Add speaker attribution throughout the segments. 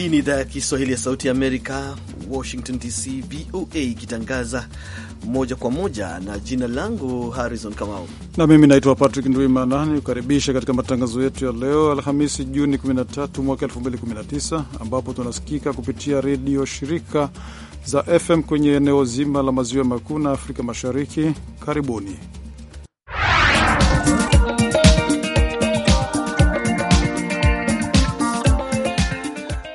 Speaker 1: Hii ni idhaa ya Kiswahili ya Sauti ya Amerika, Washington DC, VOA ikitangaza moja kwa moja, na jina langu Harrison
Speaker 2: Kamau na mimi naitwa Patrick Ndwimana, nikukaribisha katika matangazo yetu ya leo Alhamisi Juni 13 mwaka 2019, ambapo tunasikika kupitia redio shirika za FM kwenye eneo zima la maziwa makuu na Afrika Mashariki. Karibuni.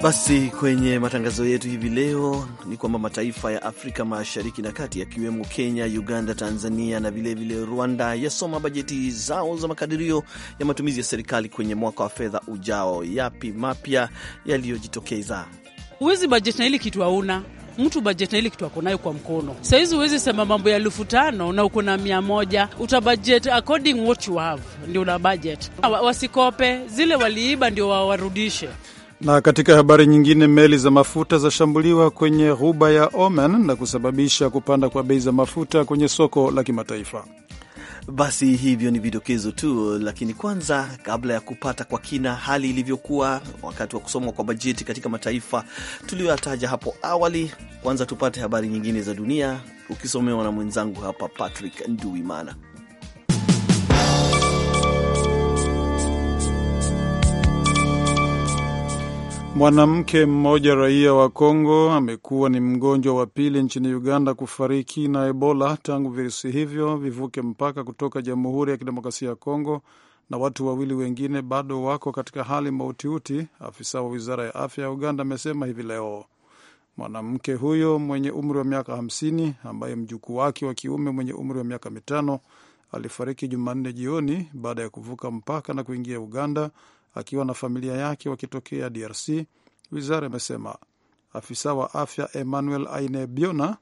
Speaker 1: Basi kwenye matangazo yetu hivi leo ni kwamba mataifa ya Afrika Mashariki na Kati yakiwemo Kenya, Uganda, Tanzania na vilevile vile Rwanda yasoma bajeti zao za makadirio ya matumizi ya serikali kwenye mwaka wa fedha ujao. Yapi mapya yaliyojitokeza?
Speaker 3: Huwezi bajeti na hili kitu hauna mtu bajeti na hili kitu ako nayo kwa mkono. Sahizi huwezi sema mambo ya elfu tano na uko na mia moja uta according what you have, ndio una budget. Wasikope zile waliiba, ndio wawarudishe
Speaker 2: na katika habari nyingine, meli za mafuta zashambuliwa kwenye ghuba ya Oman na kusababisha kupanda kwa bei za mafuta kwenye soko la kimataifa.
Speaker 1: Basi hivyo ni vidokezo tu, lakini kwanza, kabla ya kupata kwa kina hali ilivyokuwa wakati wa kusomwa kwa bajeti katika mataifa tuliyoyataja hapo awali, kwanza tupate habari nyingine za dunia ukisomewa na mwenzangu hapa Patrick Nduwimana.
Speaker 2: Mwanamke mmoja raia wa Kongo amekuwa ni mgonjwa wa pili nchini Uganda kufariki na Ebola tangu virusi hivyo vivuke mpaka kutoka Jamhuri ya Kidemokrasia ya Kongo, na watu wawili wengine bado wako katika hali mautiuti, afisa wa wizara ya afya ya Uganda amesema hivi leo. Mwanamke huyo mwenye umri wa miaka hamsini ambaye mjukuu wake wa kiume mwenye umri wa miaka mitano alifariki Jumanne jioni baada ya kuvuka mpaka na kuingia Uganda akiwa na familia yake wakitokea DRC, wizara imesema. Afisa wa afya Emmanuel Ainebiona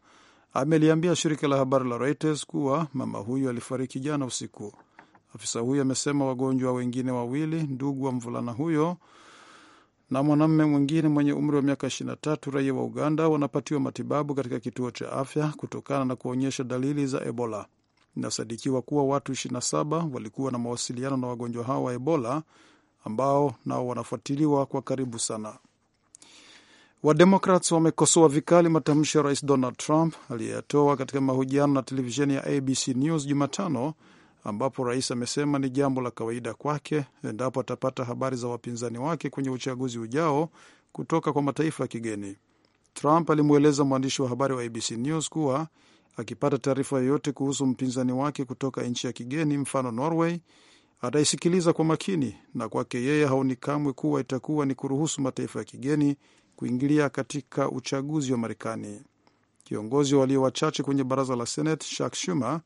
Speaker 2: ameliambia shirika la habari la Reuters kuwa mama huyo alifariki jana usiku. Afisa huyo amesema wagonjwa wengine wawili, ndugu wa mvulana huyo na mwanamume mwingine mwenye umri wa miaka 23, raia wa Uganda, wanapatiwa matibabu katika kituo cha afya kutokana na kuonyesha dalili za Ebola. Inasadikiwa kuwa watu 27 walikuwa na mawasiliano na wagonjwa hao wa Ebola ambao nao wanafuatiliwa kwa karibu sana. Wademokrats wamekosoa vikali matamshi ya rais Donald Trump aliyeyatoa katika mahojiano na televisheni ya ABC News Jumatano, ambapo rais amesema ni jambo la kawaida kwake endapo atapata habari za wapinzani wake kwenye uchaguzi ujao kutoka kwa mataifa ya kigeni. Trump alimweleza mwandishi wa habari wa ABC News kuwa akipata taarifa yoyote kuhusu mpinzani wake kutoka nchi ya kigeni, mfano Norway, ataisikiliza kwa makini, na kwake yeye haoni kamwe kuwa itakuwa ni kuruhusu mataifa ya kigeni kuingilia katika uchaguzi wa Marekani. Kiongozi walio wachache kwenye baraza la Senate Chuck Schumer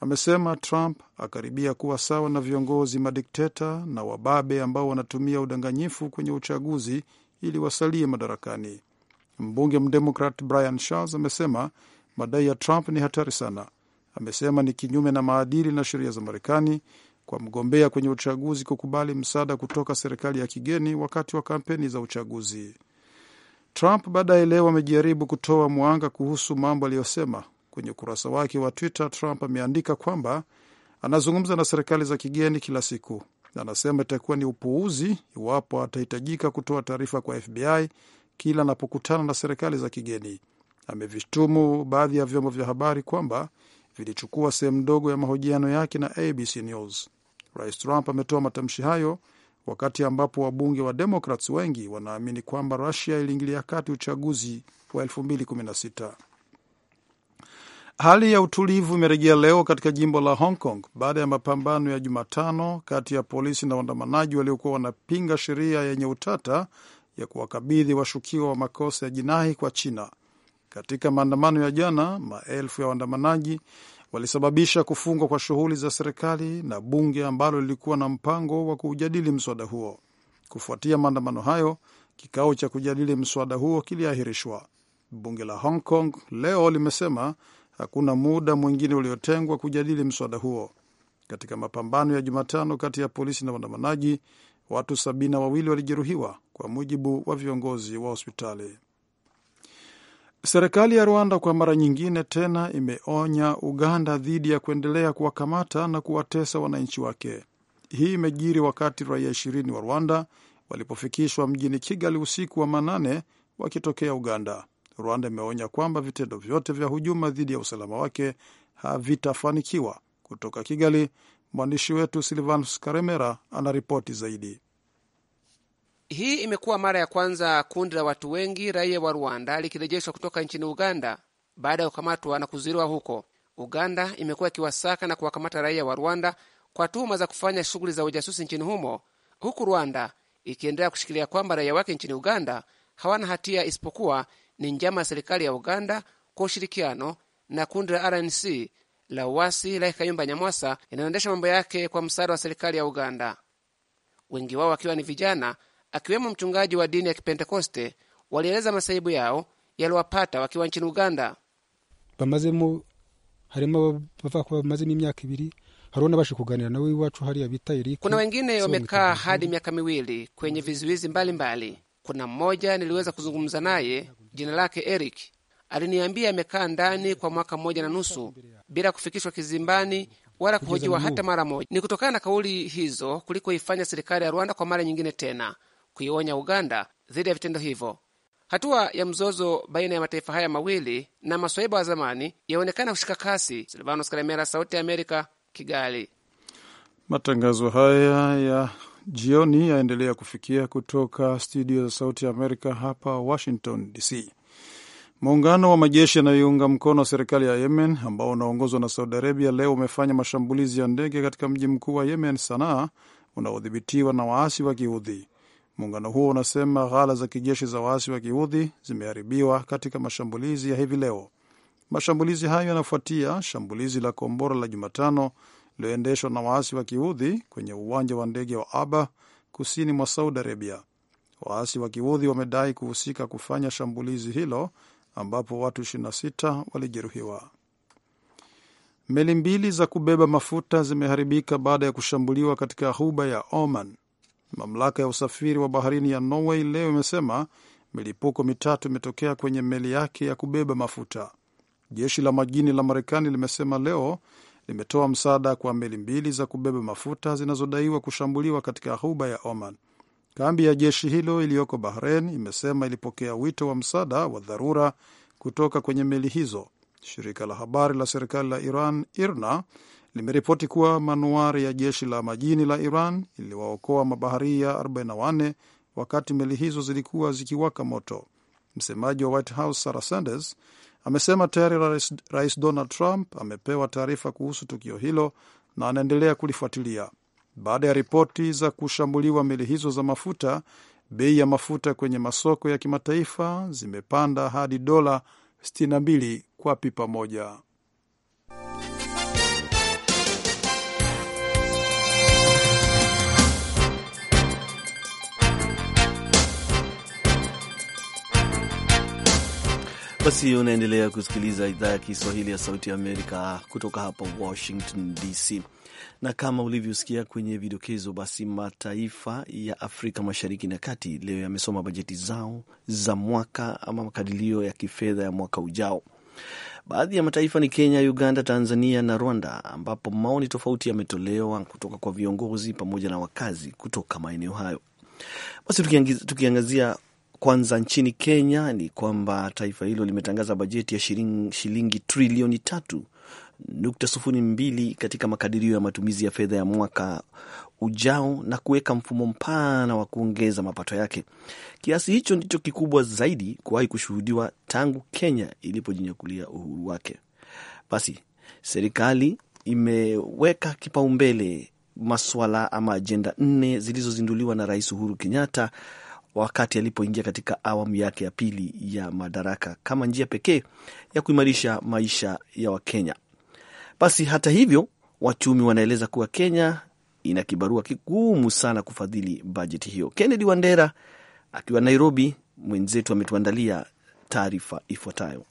Speaker 2: amesema Trump akaribia kuwa sawa na viongozi madikteta na wababe ambao wanatumia udanganyifu kwenye uchaguzi ili wasalie madarakani. Mbunge mdemokrat Brian Charles amesema madai ya Trump ni hatari sana. Amesema ni kinyume na maadili na sheria za Marekani kwa mgombea kwenye uchaguzi kukubali msaada kutoka serikali ya kigeni wakati wa kampeni za uchaguzi. Trump baadaye leo amejaribu kutoa mwanga kuhusu mambo aliyosema kwenye ukurasa wake wa Twitter. Trump ameandika kwamba anazungumza na serikali za kigeni kila siku. Anasema itakuwa ni upuuzi iwapo atahitajika kutoa taarifa kwa FBI kila anapokutana na serikali za kigeni. Amevishtumu baadhi ya vyombo vya habari kwamba vilichukua sehemu ndogo ya mahojiano yake na ABC News. Rais Trump ametoa matamshi hayo wakati ambapo wabunge wa demokrats wengi wanaamini kwamba Rusia iliingilia kati uchaguzi wa 2016. Hali ya utulivu imerejea leo katika jimbo la Hong Kong baada ya mapambano ya Jumatano kati ya polisi na waandamanaji waliokuwa wanapinga sheria yenye utata ya kuwakabidhi washukiwa wa makosa ya jinai kwa China. Katika maandamano ya jana, maelfu ya waandamanaji walisababisha kufungwa kwa shughuli za serikali na bunge ambalo lilikuwa na mpango wa kujadili mswada huo. Kufuatia maandamano hayo, kikao cha kujadili mswada huo kiliahirishwa. Bunge la Hong Kong leo limesema hakuna muda mwingine uliotengwa kujadili mswada huo. Katika mapambano ya Jumatano kati ya polisi na waandamanaji, watu sabini na wawili walijeruhiwa, kwa mujibu wa viongozi wa hospitali. Serikali ya Rwanda kwa mara nyingine tena imeonya Uganda dhidi ya kuendelea kuwakamata na kuwatesa wananchi wake. Hii imejiri wakati raia ishirini wa Rwanda walipofikishwa mjini Kigali usiku wa manane wakitokea Uganda. Rwanda imeonya kwamba vitendo vyote vya hujuma dhidi ya usalama wake havitafanikiwa. Kutoka Kigali, mwandishi wetu Silvanus Karemera anaripoti zaidi.
Speaker 4: Hii imekuwa mara ya kwanza kundi la watu wengi raia wa Rwanda likirejeshwa kutoka nchini Uganda baada ya kukamatwa na kuzuiliwa huko. Uganda imekuwa ikiwasaka na kuwakamata raia wa Rwanda kwa tuhuma za kufanya shughuli za ujasusi nchini humo, huku Rwanda ikiendelea kushikilia kwamba raia wake nchini Uganda hawana hatia isipokuwa ni njama ya serikali ya Uganda kwa ushirikiano na kundi la RNC la uasi la Kayumba Nyamwasa inayoendesha mambo yake kwa msaada wa serikali ya Uganda, wengi wao wakiwa ni vijana akiwemo mchungaji wa dini ya Kipentekoste walieleza masaibu yao yaliwapata wakiwa nchini Uganda.
Speaker 2: bamazemo harimo bamazemo imyaka ibiri hariho nabashe kuganira nawe iwacu hariya bita Erike. Kuna wengine wamekaa hadi
Speaker 4: miaka miwili kwenye vizuizi mbalimbali mbali. Kuna mmoja niliweza kuzungumza naye, jina lake Eric, aliniambia amekaa ndani kwa mwaka mmoja na nusu bila kufikishwa kizimbani wala kuhojiwa hata mara moja. Ni kutokana na kauli hizo kuliko ifanya serikali ya Rwanda kwa mara nyingine tena kuionya Uganda dhidi ya vitendo hivyo. Hatua ya mzozo baina ya mataifa haya mawili na maswaiba wa zamani yaonekana kushika kasi. Silvanos Karemera, Sauti ya Amerika, Kigali.
Speaker 2: Matangazo haya ya jioni yaendelea kufikia kutoka studio za Sauti ya Amerika hapa Washington DC. Muungano wa majeshi yanayoiunga mkono serikali ya Yemen ambao unaongozwa na Saudi Arabia leo umefanya mashambulizi ya ndege katika mji mkuu wa Yemen, Sanaa, unaodhibitiwa na waasi wa Kiudhi. Muungano huo unasema ghala za kijeshi za waasi wa kiudhi zimeharibiwa katika mashambulizi ya hivi leo. Mashambulizi hayo yanafuatia shambulizi la kombora la Jumatano lililoendeshwa na waasi wa kiudhi kwenye uwanja wa ndege wa Aba kusini mwa Saudi Arabia. Waasi wa kiudhi wamedai kuhusika kufanya shambulizi hilo ambapo watu 26 walijeruhiwa. Meli mbili za kubeba mafuta zimeharibika baada ya kushambuliwa katika ghuba ya Oman. Mamlaka ya usafiri wa baharini ya Norway leo imesema milipuko mitatu imetokea kwenye meli yake ya kubeba mafuta. Jeshi la majini la Marekani limesema leo limetoa msaada kwa meli mbili za kubeba mafuta zinazodaiwa kushambuliwa katika ghuba ya Oman. Kambi ya jeshi hilo iliyoko Bahrain imesema ilipokea wito wa msaada wa dharura kutoka kwenye meli hizo. Shirika la habari la serikali la Iran IRNA limeripoti kuwa manuari ya jeshi la majini la Iran iliwaokoa mabaharia 44 wakati meli hizo zilikuwa zikiwaka moto. Msemaji wa White House Sarah Sanders amesema tayari rais, rais Donald Trump amepewa taarifa kuhusu tukio hilo na anaendelea kulifuatilia. Baada ya ripoti za kushambuliwa meli hizo za mafuta, bei ya mafuta kwenye masoko ya kimataifa zimepanda hadi dola 62 kwa pipa moja.
Speaker 1: Basi unaendelea kusikiliza idhaa ya Kiswahili ya Sauti ya Amerika kutoka hapa Washington DC, na kama ulivyosikia kwenye vidokezo, basi mataifa ya Afrika Mashariki na Kati leo yamesoma bajeti zao za mwaka ama makadirio ya kifedha ya mwaka ujao. Baadhi ya mataifa ni Kenya, Uganda, Tanzania na Rwanda, ambapo maoni tofauti yametolewa kutoka kwa viongozi pamoja na wakazi kutoka maeneo hayo. Basi tukiangazia kwanza nchini Kenya ni kwamba taifa hilo limetangaza bajeti ya shiling, shilingi trilioni tatu nukta sufuri mbili katika makadirio ya matumizi ya fedha ya mwaka ujao na kuweka mfumo mpana wa kuongeza mapato yake. Kiasi hicho ndicho kikubwa zaidi kuwahi kushuhudiwa tangu Kenya ilipojinyakulia uhuru wake. Basi serikali imeweka kipaumbele maswala ama ajenda nne zilizozinduliwa na Rais Uhuru Kenyatta wakati alipoingia katika awamu yake ya pili ya madaraka kama njia pekee ya kuimarisha maisha ya Wakenya. Basi hata hivyo, wachumi wanaeleza kuwa Kenya ina kibarua kigumu sana kufadhili bajeti hiyo. Kennedy Wandera akiwa Nairobi, mwenzetu ametuandalia taarifa ifuatayo.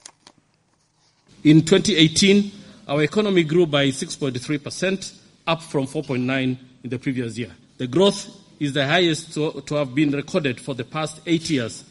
Speaker 1: In 2018, our economy grew by 6.3% up from 4.9 in the previous year. The growth is the highest to, to have been recorded for the past eight years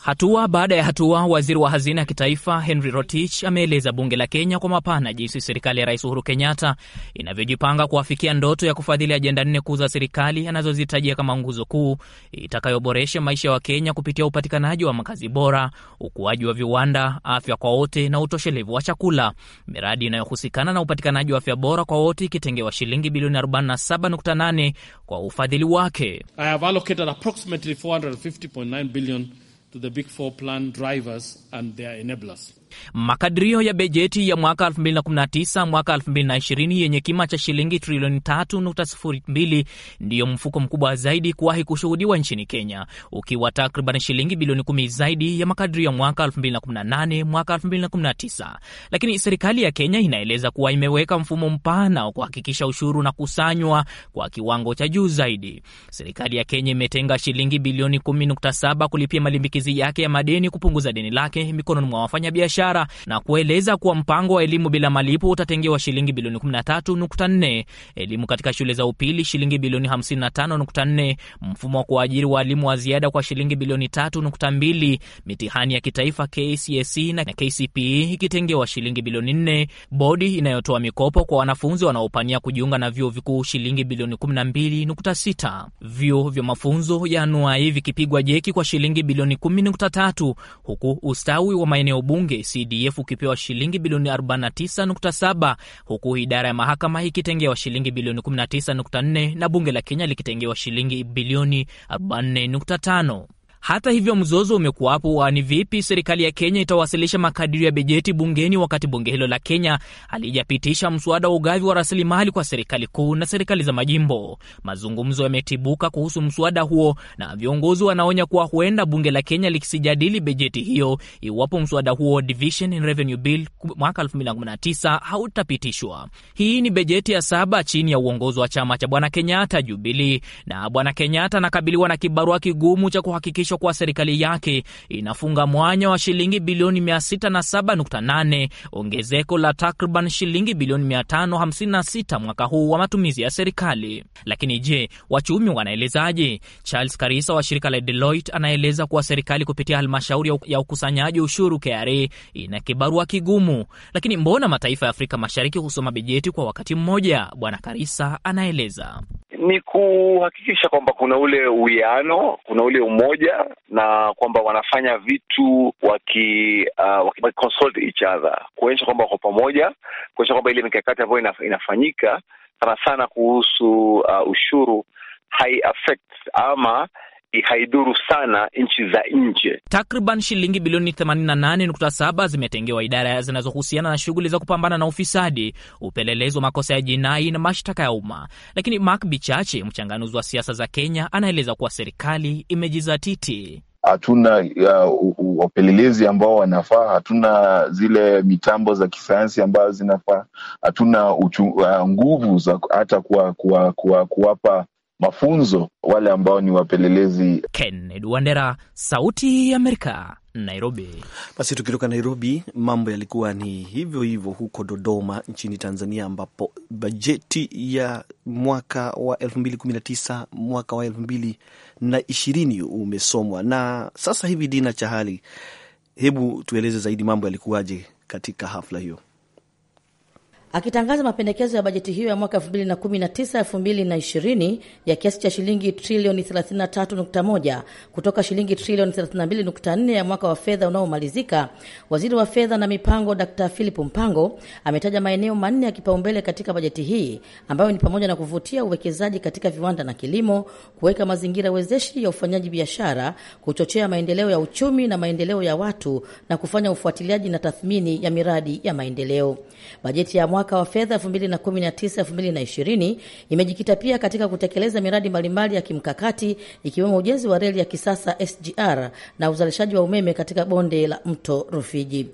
Speaker 3: Hatua baada ya hatua, waziri wa hazina ya kitaifa Henry Rotich ameeleza bunge la Kenya kwa mapana jinsi serikali ya Rais Uhuru Kenyatta inavyojipanga kuafikia ndoto ya kufadhili ajenda nne kuu za serikali anazozitajia kama nguzo kuu itakayoboresha maisha wa kenya kupitia upatikanaji wa makazi bora, ukuaji wa viwanda, afya kwa wote na utoshelevu wa chakula. Miradi inayohusikana na upatikanaji wa afya bora kwa wote ikitengewa shilingi bilioni 47.8 kwa ufadhili wake.
Speaker 1: I have 450.9 billion attention to the big four plan drivers and their enablers.
Speaker 3: Makadirio ya bejeti ya mwaka 2019 mwaka 2020 yenye kima cha shilingi trilioni 3.02 ndiyo mfuko mkubwa zaidi kuwahi kushuhudiwa nchini Kenya, ukiwa takriban shilingi bilioni 10 zaidi ya makadirio ya mwaka 2018 mwaka 2019. Lakini serikali ya Kenya inaeleza kuwa imeweka mfumo mpana wa kuhakikisha ushuru na kusanywa kwa kiwango cha juu zaidi. Serikali ya Kenya imetenga shilingi bilioni 10.7 kulipia malimbikizi yake ya madeni, kupunguza deni lake mikononi mwa wafanyabiashara biashara na kueleza kuwa mpango wa elimu bila malipo utatengewa shilingi bilioni 13.4, elimu katika shule za upili shilingi bilioni 55.4, mfumo wa kuajiri walimu wa ziada kwa shilingi bilioni 3.2, mitihani ya kitaifa KCSE na KCPE ikitengewa shilingi bilioni 4, bodi inayotoa mikopo kwa wanafunzi wanaopania kujiunga na vyuo vikuu shilingi bilioni 12.6, vyuo vya mafunzo ya anuai vikipigwa jeki kwa shilingi bilioni 10.3, huku ustawi wa maeneo bunge CDF ukipewa shilingi bilioni 49.7 huku idara ya mahakama ikitengewa shilingi bilioni 19.4 na bunge la Kenya likitengewa shilingi bilioni 44.5. Hata hivyo, mzozo umekuwapo ah, ni vipi serikali ya Kenya itawasilisha makadirio ya bajeti bungeni, wakati bunge hilo la Kenya halijapitisha mswada wa ugavi wa rasilimali kwa serikali kuu na serikali za majimbo. Mazungumzo yametibuka kuhusu mswada huo na viongozi wanaonya kuwa huenda bunge la Kenya likisijadili bajeti hiyo iwapo mswada huo Division in Revenue Bill mwaka 2019 hautapitishwa. Hii ni bajeti ya saba chini ya uongozi wa chama cha Bwana Kenyatta Jubilee, na Bwana Kenyatta anakabiliwa na kibarua kigumu cha kuhakikisha imebainishwa kuwa serikali yake inafunga mwanya wa shilingi bilioni 607.8, ongezeko la takriban shilingi bilioni 556 mwaka huu wa matumizi ya serikali. Lakini je, wachumi wanaelezaje? Charles Karisa wa shirika la Deloitte anaeleza kuwa serikali kupitia halmashauri ya ukusanyaji ushuru KRA ina kibarua kigumu. Lakini mbona mataifa ya Afrika Mashariki husoma bajeti kwa wakati mmoja? Bwana Karisa anaeleza
Speaker 5: ni kuhakikisha kwamba kuna ule uwiano, kuna ule umoja na kwamba wanafanya vitu waki, uh, waki consult each other, kuonyesha kwamba wako pamoja, kuonyesha kwamba ile mikakati ambayo inaf, inafanyika sana sana kuhusu uh, ushuru hai affect ama
Speaker 6: haidhuru sana nchi za nje.
Speaker 3: Takriban shilingi bilioni 88.7 zimetengewa idara zinazohusiana na shughuli za kupambana na ufisadi, upelelezi wa makosa ya jinai na mashtaka ya umma. Lakini Mark Bichache, mchanganuzi wa siasa za Kenya, anaeleza kuwa serikali imejizatiti
Speaker 7: hatuna wapelelezi ambao wanafaa, hatuna zile mitambo za kisayansi ambazo zinafaa, hatuna uh, nguvu za hata kuwapa kuwa, kuwa, kuwa mafunzo wale ambao ni wapelelezi. Kennedy
Speaker 3: Wandera, Sauti ya Amerika,
Speaker 1: Nairobi. Basi tukitoka Nairobi, mambo yalikuwa ni hivyo hivyo huko Dodoma nchini Tanzania, ambapo bajeti ya mwaka wa 2019 mwaka wa 2020 umesomwa na sasa hivi. Dina Chahali, hebu tueleze zaidi mambo yalikuwaje katika hafla hiyo.
Speaker 8: Akitangaza mapendekezo ya bajeti hiyo ya mwaka 2019 2020 ya kiasi cha shilingi trilioni 33.1 kutoka shilingi trilioni 32.4 ya mwaka wa fedha unaomalizika, waziri wa fedha na mipango d Philip Mpango ametaja maeneo manne ya kipaumbele katika bajeti hii ambayo ni pamoja na kuvutia uwekezaji katika viwanda na kilimo, kuweka mazingira wezeshi ya ufanyaji biashara, kuchochea maendeleo ya uchumi na maendeleo ya watu, na kufanya ufuatiliaji na tathmini ya miradi ya maendeleo. Bajeti ya mwaka wa fedha 2019-2020 imejikita pia katika kutekeleza miradi mbalimbali ya kimkakati ikiwemo ujenzi wa reli ya kisasa SGR na uzalishaji wa umeme katika bonde la mto Rufiji.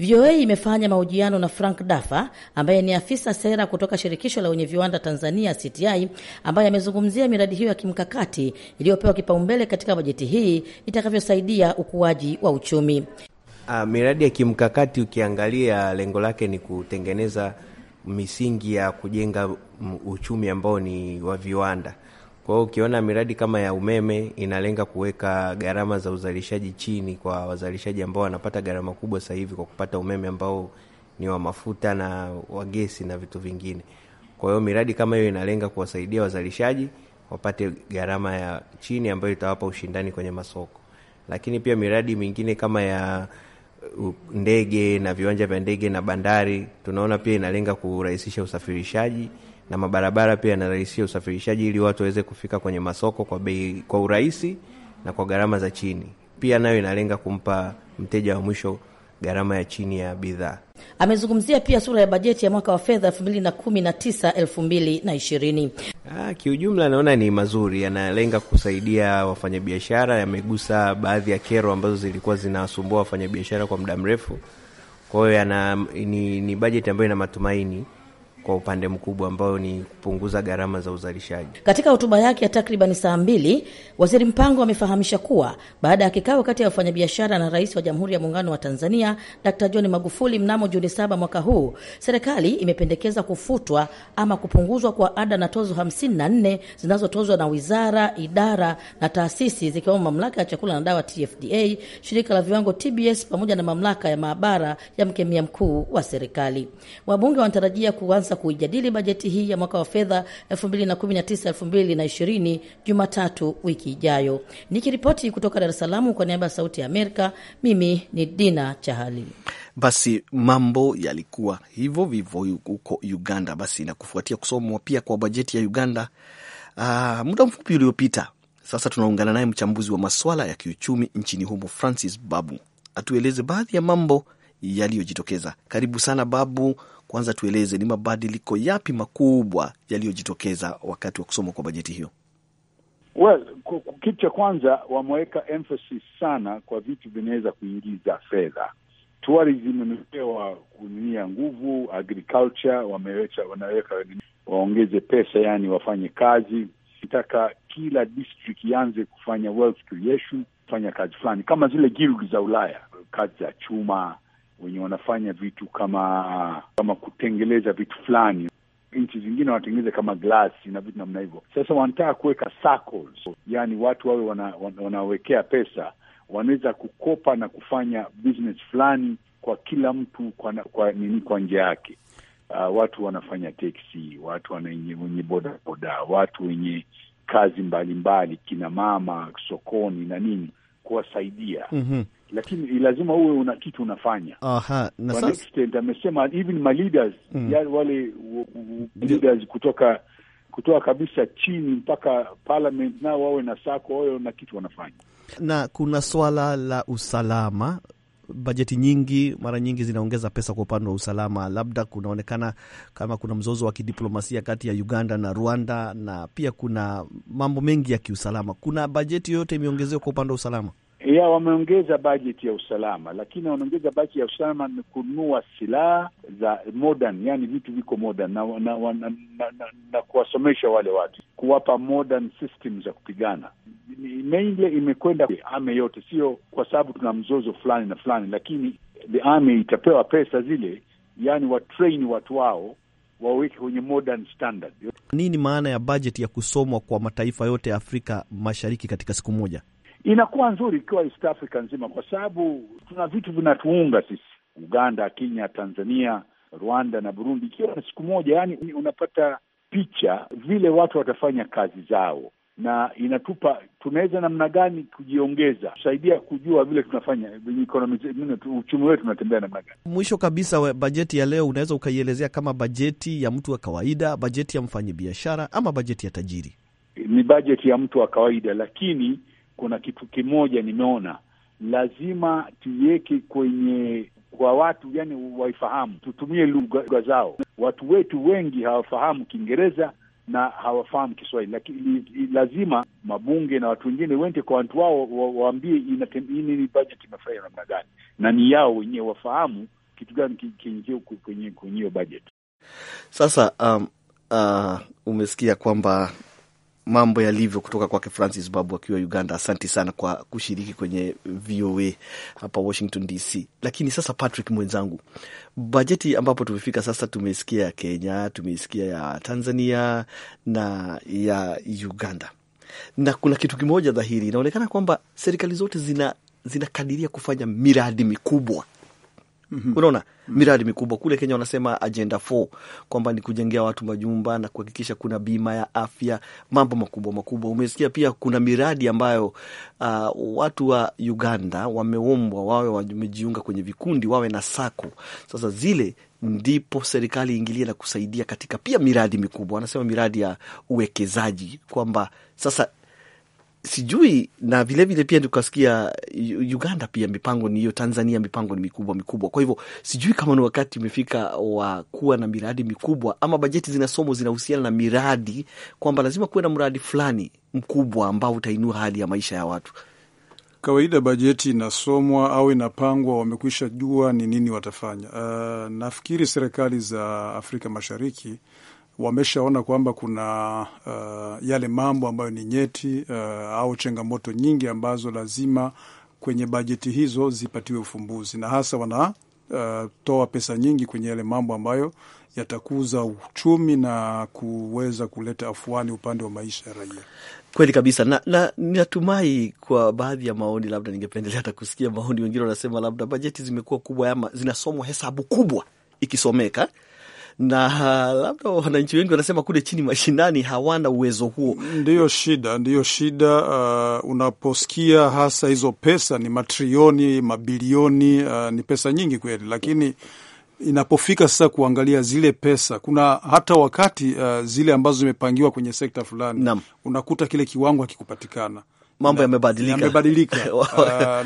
Speaker 8: VOA imefanya mahojiano na Frank Dafa ambaye ni afisa sera kutoka shirikisho la wenye viwanda Tanzania CTI, ambaye amezungumzia miradi hiyo ya kimkakati iliyopewa kipaumbele katika bajeti hii itakavyosaidia ukuaji wa uchumi.
Speaker 6: Uh, miradi ya kimkakati ukiangalia lengo lake ni kutengeneza misingi ya kujenga uchumi ambao ni wa viwanda. Kwa hiyo ukiona miradi kama ya umeme inalenga kuweka gharama za uzalishaji chini kwa wazalishaji ambao wanapata gharama kubwa sasa hivi kwa kupata umeme ambao ni wa mafuta na wa gesi na vitu vingine. Kwa hiyo miradi kama hiyo inalenga kuwasaidia wazalishaji wapate gharama ya chini ambayo itawapa ushindani kwenye masoko. Lakini pia miradi mingine kama ya ndege na viwanja vya ndege na bandari, tunaona pia inalenga kurahisisha usafirishaji na mabarabara pia yanarahisisha usafirishaji ili watu waweze kufika kwenye masoko kwa bei, kwa urahisi na kwa gharama za chini. Pia nayo inalenga kumpa mteja wa mwisho gharama ya chini ya bidhaa.
Speaker 8: Amezungumzia pia sura ya bajeti ya mwaka wa fedha 2019 2020. Ah,
Speaker 6: kiujumla naona ni mazuri, yanalenga kusaidia wafanyabiashara, yamegusa baadhi ya kero ambazo zilikuwa zinawasumbua wafanyabiashara kwa muda mrefu. Kwa hiyo ni, ni bajeti ambayo ina matumaini kwa upande mkubwa ambao ni kupunguza gharama za uzalishaji.
Speaker 8: Katika hotuba yake ya takribani saa mbili, Waziri Mpango amefahamisha kuwa baada ya kikao kati ya wafanyabiashara na Rais wa Jamhuri ya Muungano wa Tanzania d John Magufuli mnamo Juni saba mwaka huu, serikali imependekeza kufutwa ama kupunguzwa kwa ada na tozo 54 zinazotozwa na wizara, idara na taasisi zikiwemo Mamlaka ya Chakula na Dawa TFDA, Shirika la Viwango TBS, pamoja na Mamlaka ya Maabara ya Mkemia Mkuu wa Serikali. Wabunge wanatarajia kuanza Wanasiasa kuijadili bajeti hii ya mwaka wa fedha 2019 2020 Jumatatu wiki ijayo. Nikiripoti kutoka Dar es Salaam kwa niaba ya Sauti ya Amerika, mimi ni Dina Chahali.
Speaker 1: Basi mambo yalikuwa hivyo vivyo huko Uganda. Basi na kufuatia kusomwa pia kwa bajeti ya Uganda uh, muda mfupi uliopita, sasa tunaungana naye mchambuzi wa masuala ya kiuchumi nchini humo Francis Babu atueleze baadhi ya mambo yaliyojitokeza. Karibu sana Babu, kwanza tueleze ni mabadiliko yapi makubwa yaliyojitokeza wakati wa kusoma kwa bajeti hiyo?
Speaker 7: Well, kitu cha kwanza wameweka emphasis sana kwa vitu vinaweza kuingiza fedha. Tourism imepewa kunia nguvu, agriculture wanaweka waongeze pesa, yani wafanye kazi. Nataka kila district ianze kufanya wealth creation, kufanya kazi fulani kama zile guild za Ulaya, kazi za chuma wenye wanafanya vitu kama kama kutengeleza vitu fulani. Nchi zingine wanatengeneza kama glasi na vitu namna hivyo. Sasa wanataka kuweka circles, yani watu wawe wana, wanawekea pesa, wanaweza kukopa na kufanya business fulani kwa kila mtu kwa, kwa nini kwa njia yake. Uh, watu wanafanya teksi, watu wenye bodaboda, watu wenye kazi mbalimbali, kina mama sokoni na nini, kuwasaidia mm -hmm lakini lazima uwe una kitu unafanya. Aha, na sasa amesema even my leaders mm. yani wale leaders kutoka kutoka kabisa chini mpaka parliament, nao wawe na sako, wawe na kitu wanafanya.
Speaker 1: Na kuna swala la usalama bajeti nyingi mara nyingi zinaongeza pesa kwa upande wa usalama. Labda kunaonekana kama kuna mzozo wa kidiplomasia kati ya Uganda na Rwanda, na pia kuna mambo mengi ya kiusalama. Kuna bajeti yoyote imeongezewa kwa upande wa usalama?
Speaker 7: ya wameongeza bajeti ya usalama, lakini wameongeza bajeti ya usalama ni kununua silaha za modern, yani vitu viko modern na, na, na, na, na, na kuwasomesha wale watu, kuwapa modern system za kupigana. Mainly imekwenda ame yote, sio kwa sababu tuna mzozo fulani na fulani, lakini the army itapewa pesa zile, yani watrain watu wao waweke kwenye modern standard.
Speaker 1: Nini maana ya bajeti ya kusomwa kwa mataifa yote ya Afrika Mashariki katika siku moja?
Speaker 7: inakuwa nzuri ikiwa East Africa nzima, kwa sababu tuna vitu vinatuunga sisi, Uganda, Kenya, Tanzania, Rwanda na Burundi. Ikiwa na siku moja, yani unapata picha vile watu watafanya kazi zao, na inatupa tunaweza namna gani kujiongeza, kusaidia kujua vile tunafanya uchumi wetu unatembea namna gani.
Speaker 1: Mwisho kabisa, we, bajeti ya leo unaweza ukaielezea kama bajeti ya mtu wa kawaida, bajeti ya mfanyabiashara, ama bajeti ya tajiri?
Speaker 7: Ni bajeti ya mtu wa kawaida, lakini kuna kitu kimoja nimeona lazima tuiweke kwenye kwa watu yani waifahamu, tutumie lugha zao. Watu wetu wengi hawafahamu Kiingereza na hawafahamu Kiswahili, lakini lazima mabunge na watu wengine wende kwa watu wao waambie ni bajeti imefanya namna gani, na ni yao wenyewe wafahamu kitu gani kwenye hiyo bajeti.
Speaker 1: Sasa um, uh, umesikia kwamba mambo yalivyo kutoka kwake Francis Babu akiwa Uganda. Asanti sana kwa kushiriki kwenye VOA hapa Washington DC. Lakini sasa, Patrick mwenzangu, bajeti ambapo tumefika sasa, tumesikia ya Kenya, tumesikia ya Tanzania na ya Uganda, na kuna kitu kimoja dhahiri, inaonekana kwamba serikali zote zina zinakadiria kufanya miradi mikubwa -hmm. Unaona miradi mikubwa kule Kenya wanasema agenda 4 kwamba ni kujengea watu majumba na kuhakikisha kuna bima ya afya, mambo makubwa makubwa. Umesikia pia kuna miradi ambayo uh, watu wa Uganda wameombwa wawe wamejiunga kwenye vikundi, wawe na sako. Sasa zile ndipo serikali iingilie na kusaidia katika pia miradi mikubwa, wanasema miradi ya uwekezaji kwamba sasa sijui na vilevile vile pia tukasikia Uganda pia mipango ni hiyo, Tanzania mipango ni mikubwa mikubwa. Kwa hivyo sijui kama ni wakati umefika wa kuwa na miradi mikubwa, ama bajeti zinasomo zinahusiana na miradi, kwamba lazima kuwe na mradi fulani mkubwa ambao utainua hali ya maisha ya watu.
Speaker 2: Kawaida bajeti inasomwa au inapangwa, wamekwisha jua ni nini watafanya. Uh, nafikiri serikali za Afrika Mashariki wameshaona kwamba kuna uh, yale mambo ambayo ni nyeti uh, au changamoto nyingi ambazo lazima kwenye bajeti hizo zipatiwe ufumbuzi, na hasa wanatoa uh, pesa nyingi kwenye yale mambo ambayo yatakuza uchumi na kuweza kuleta afuani upande wa maisha ya raia.
Speaker 1: Kweli kabisa, na, na natumai kwa baadhi ya maoni, labda ningependelea hata kusikia maoni wengine wanasema, labda bajeti zimekuwa kubwa ama zinasomwa hesabu kubwa ikisomeka na labda wananchi wengi wanasema kule chini
Speaker 2: mashinani hawana uwezo huo. Ndiyo shida, ndiyo shida. Uh, unaposikia hasa hizo pesa ni matrioni mabilioni, uh, ni pesa nyingi kweli, lakini inapofika sasa kuangalia zile pesa, kuna hata wakati uh, zile ambazo zimepangiwa kwenye sekta fulani Nam. unakuta kile kiwango hakikupatikana mambo yamebadilika, yamebadilika. uh,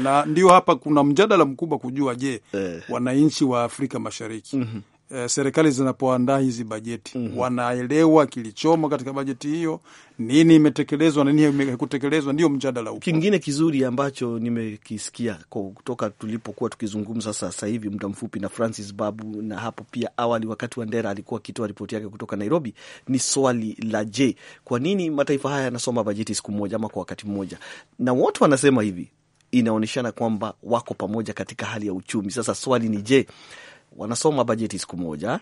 Speaker 2: na ndio hapa kuna mjadala mkubwa kujua, je, eh, wananchi wa Afrika Mashariki mm -hmm eh, serikali zinapoandaa hizi bajeti mm -hmm. wanaelewa kilichomo katika bajeti hiyo, nini imetekelezwa na nini haikutekelezwa, ndio mjadala huko. Kingine
Speaker 1: kizuri ambacho nimekisikia kutoka tulipokuwa tukizungumza sasa hivi muda mfupi na Francis Babu, na hapo pia awali wakati Wandera alikuwa akitoa ripoti yake kutoka Nairobi, ni swali la je, kwa nini mataifa haya yanasoma bajeti siku moja ama kwa wakati mmoja? Na wote wanasema hivi, inaonyeshana kwamba wako pamoja katika hali ya uchumi. Sasa swali ni je, wanasoma bajeti siku moja,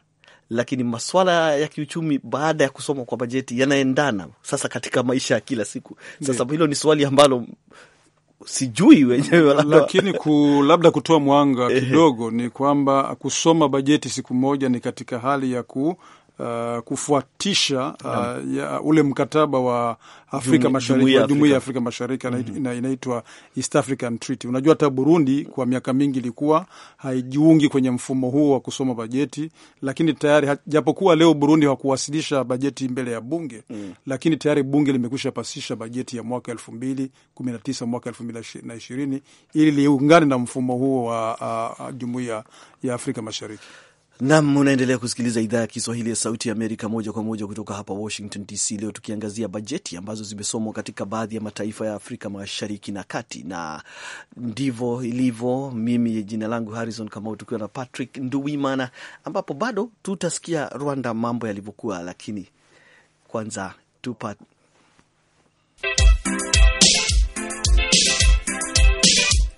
Speaker 1: lakini maswala ya kiuchumi baada ya kusoma kwa bajeti yanaendana sasa katika maisha ya kila siku. Sasa hilo ni swali ambalo
Speaker 2: sijui wenyewe lakini ku, labda kutoa mwanga kidogo ni kwamba kusoma bajeti siku moja ni katika hali ya ku uh, kufuatisha uh, ya, ule mkataba wa Afrika Mashariki wa ya Afrika Mashariki mm -hmm. inaitwa East African Treaty. Unajua hata Burundi kwa miaka mingi ilikuwa haijiungi kwenye mfumo huo wa kusoma bajeti, lakini tayari japokuwa leo Burundi hawakuwasilisha bajeti mbele ya bunge mm -hmm. lakini tayari bunge limekwisha pasisha bajeti ya mwaka elfu mbili kumi na tisa mwaka elfu mbili na ishirini ili liungane na mfumo huo wa uh, uh, jumuia ya Afrika Mashariki.
Speaker 1: Nam, unaendelea kusikiliza idhaa ya Kiswahili ya Sauti ya Amerika moja kwa moja kutoka hapa Washington DC. Leo tukiangazia bajeti ambazo zimesomwa katika baadhi ya mataifa ya Afrika Mashariki na Kati, na ndivyo ilivyo. Mimi jina langu Harrison Kamau, tukiwa na Patrick Nduwimana, ambapo bado tutasikia Rwanda mambo yalivyokuwa, lakini kwanza tupa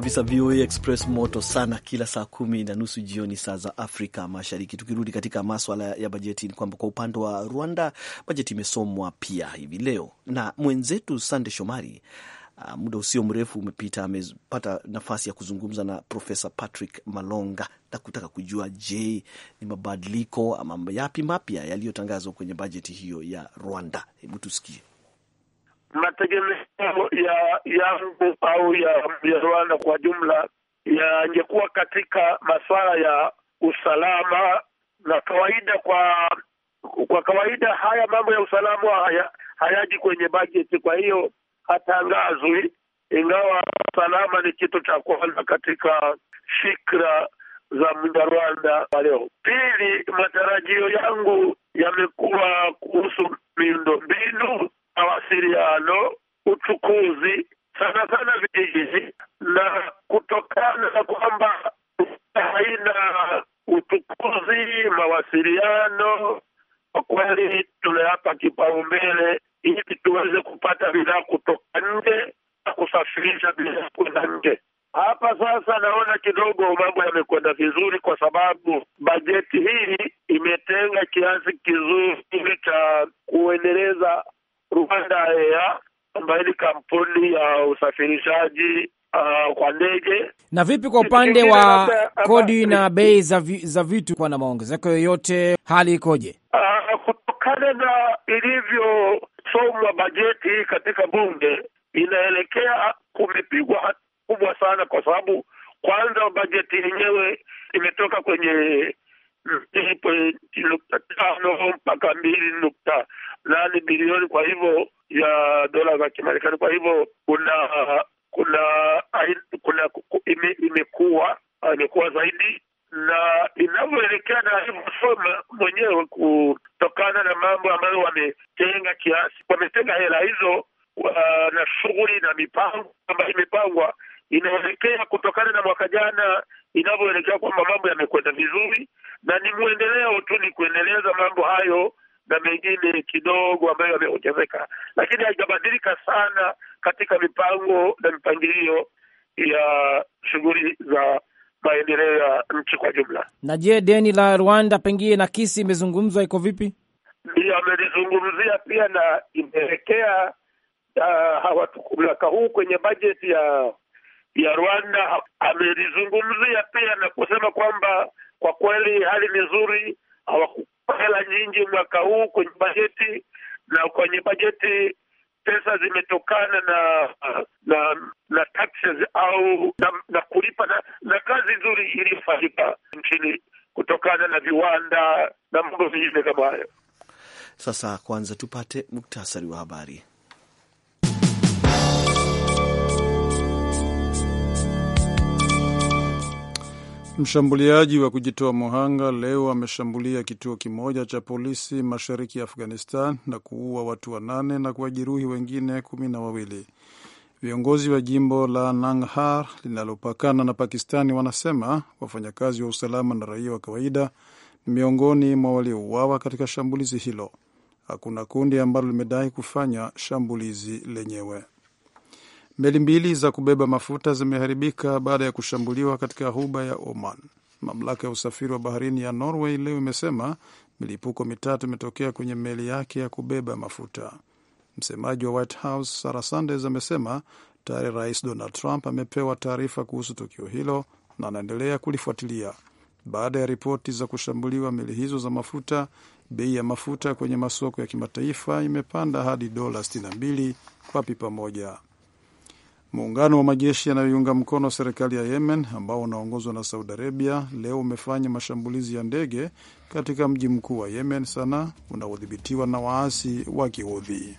Speaker 1: kabisa VOA Express moto sana, kila saa kumi na nusu jioni saa za Afrika Mashariki. Tukirudi katika maswala ya bajeti, ni kwamba kwa upande wa Rwanda bajeti imesomwa pia hivi leo na mwenzetu Sande Shomari. Uh, muda usio mrefu umepita amepata nafasi ya kuzungumza na Profesa Patrick Malonga na kutaka kujua, je, ni mabadiliko ama yapi mapya yaliyotangazwa kwenye bajeti hiyo ya Rwanda? Hebu tusikie
Speaker 5: mategemeo ya yangu au ya, ya Rwanda kwa jumla yangekuwa katika masuala ya usalama na kawaida. Kwa kwa kawaida haya mambo ya usalama haya, hayaji kwenye bajeti, kwa hiyo hatangazwi, ingawa usalama ni kitu cha kwanza katika fikra za Mnyarwanda wa leo. Pili, matarajio yangu yamekuwa kuhusu miundo mawasiliano, uchukuzi, sana sana vijijini, na kutokana na kwamba haina uchukuzi, mawasiliano, kwa kweli tunayapa kipaumbele ili tuweze kupata bidhaa kutoka nje na kusafirisha bidhaa kwenda nje. Hapa sasa naona kidogo mambo yamekwenda vizuri
Speaker 4: Na vipi kwa upande wa kodi na bei za, vi, za vitu kwa na maongezeko yoyote, hali ikoje? Ah,
Speaker 5: kutokana na ilivyosomwa bajeti katika bunge inaelekea kumepigwa hatua kubwa sana, kwa sababu kwanza bajeti yenyewe imetoka kwenye mbili pointi nukta tano mpaka mbili nukta nane bilioni kwa hivyo ya dola za Kimarekani. Kwa hivyo kuna kuna kuna ime, imekuwa imekuwa zaidi na na alivyosoma mwenyewe, kutokana na mambo ambayo wametenga kiasi, wametenga hela hizo wa, uh, na shughuli na mipango ambayo imepangwa inaelekea kutokana na mwaka jana, inavyoelekea kwamba mambo yamekwenda vizuri, na ni mwendeleo tu, ni kuendeleza mambo hayo na mengine kidogo ambayo yameongezeka, lakini haijabadilika sana katika mipango na mipangilio ya shughuli za maendeleo ya nchi kwa jumla.
Speaker 4: Na je, deni la Rwanda pengine na kisi imezungumzwa iko vipi?
Speaker 5: Ndiyo, amelizungumzia pia na imeelekea ah, mwaka huu kwenye bajeti ya ya Rwanda. Amelizungumzia pia na kusema kwamba kwa kweli hali ni nzuri, hawakupa nyingi mwaka huu kwenye bajeti, na kwenye bajeti pesa zimetokana na na na taxes au na, na kulipa na, na kazi nzuri iliyofanyika nchini kutokana na viwanda na mambo mengine kama hayo.
Speaker 1: Sasa kwanza tupate
Speaker 2: muktasari wa habari. Mshambuliaji wa kujitoa muhanga leo ameshambulia kituo kimoja cha polisi mashariki ya Afghanistan na kuua watu wanane na kuwajeruhi wengine kumi na wawili. Viongozi wa jimbo la Nangarhar linalopakana na Pakistani wanasema wafanyakazi wa usalama na raia wa kawaida ni miongoni mwa waliouawa katika shambulizi hilo. Hakuna kundi ambalo limedai kufanya shambulizi lenyewe. Meli mbili za kubeba mafuta zimeharibika baada ya kushambuliwa katika huba ya Oman. Mamlaka ya usafiri wa baharini ya Norway leo imesema milipuko mitatu imetokea kwenye meli yake ya kubeba mafuta. Msemaji wa White House Sarah Sanders amesema tayari Rais Donald Trump amepewa taarifa kuhusu tukio hilo na anaendelea kulifuatilia. Baada ya ripoti za kushambuliwa meli hizo za mafuta, bei ya mafuta kwenye masoko ya kimataifa imepanda hadi dola 62 kwa pipa moja. Muungano wa majeshi yanayoiunga mkono serikali ya Yemen ambao unaongozwa na Saudi Arabia leo umefanya mashambulizi ya ndege katika mji mkuu wa Yemen, Sanaa, unaodhibitiwa na waasi wa Kihodhi.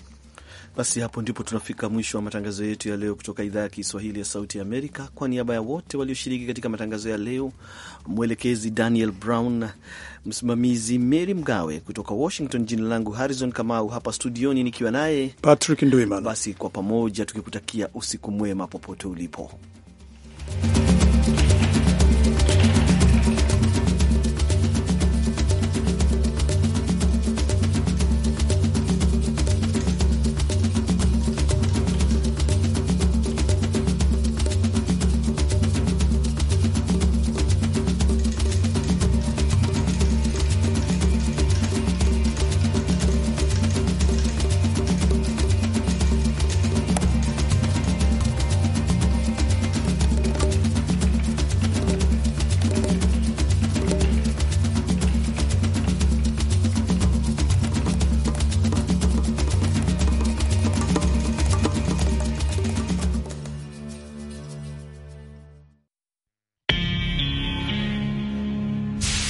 Speaker 1: Basi hapo ndipo tunafika mwisho wa matangazo yetu ya leo kutoka idhaa ya Kiswahili ya Sauti ya Amerika. Kwa niaba ya wote walioshiriki katika matangazo ya leo, mwelekezi Daniel Brown, msimamizi Mary Mgawe kutoka Washington, jina langu Harrison Kamau, hapa studioni nikiwa naye Patrick Ndwiman. Basi kwa pamoja tukikutakia usiku mwema popote ulipo.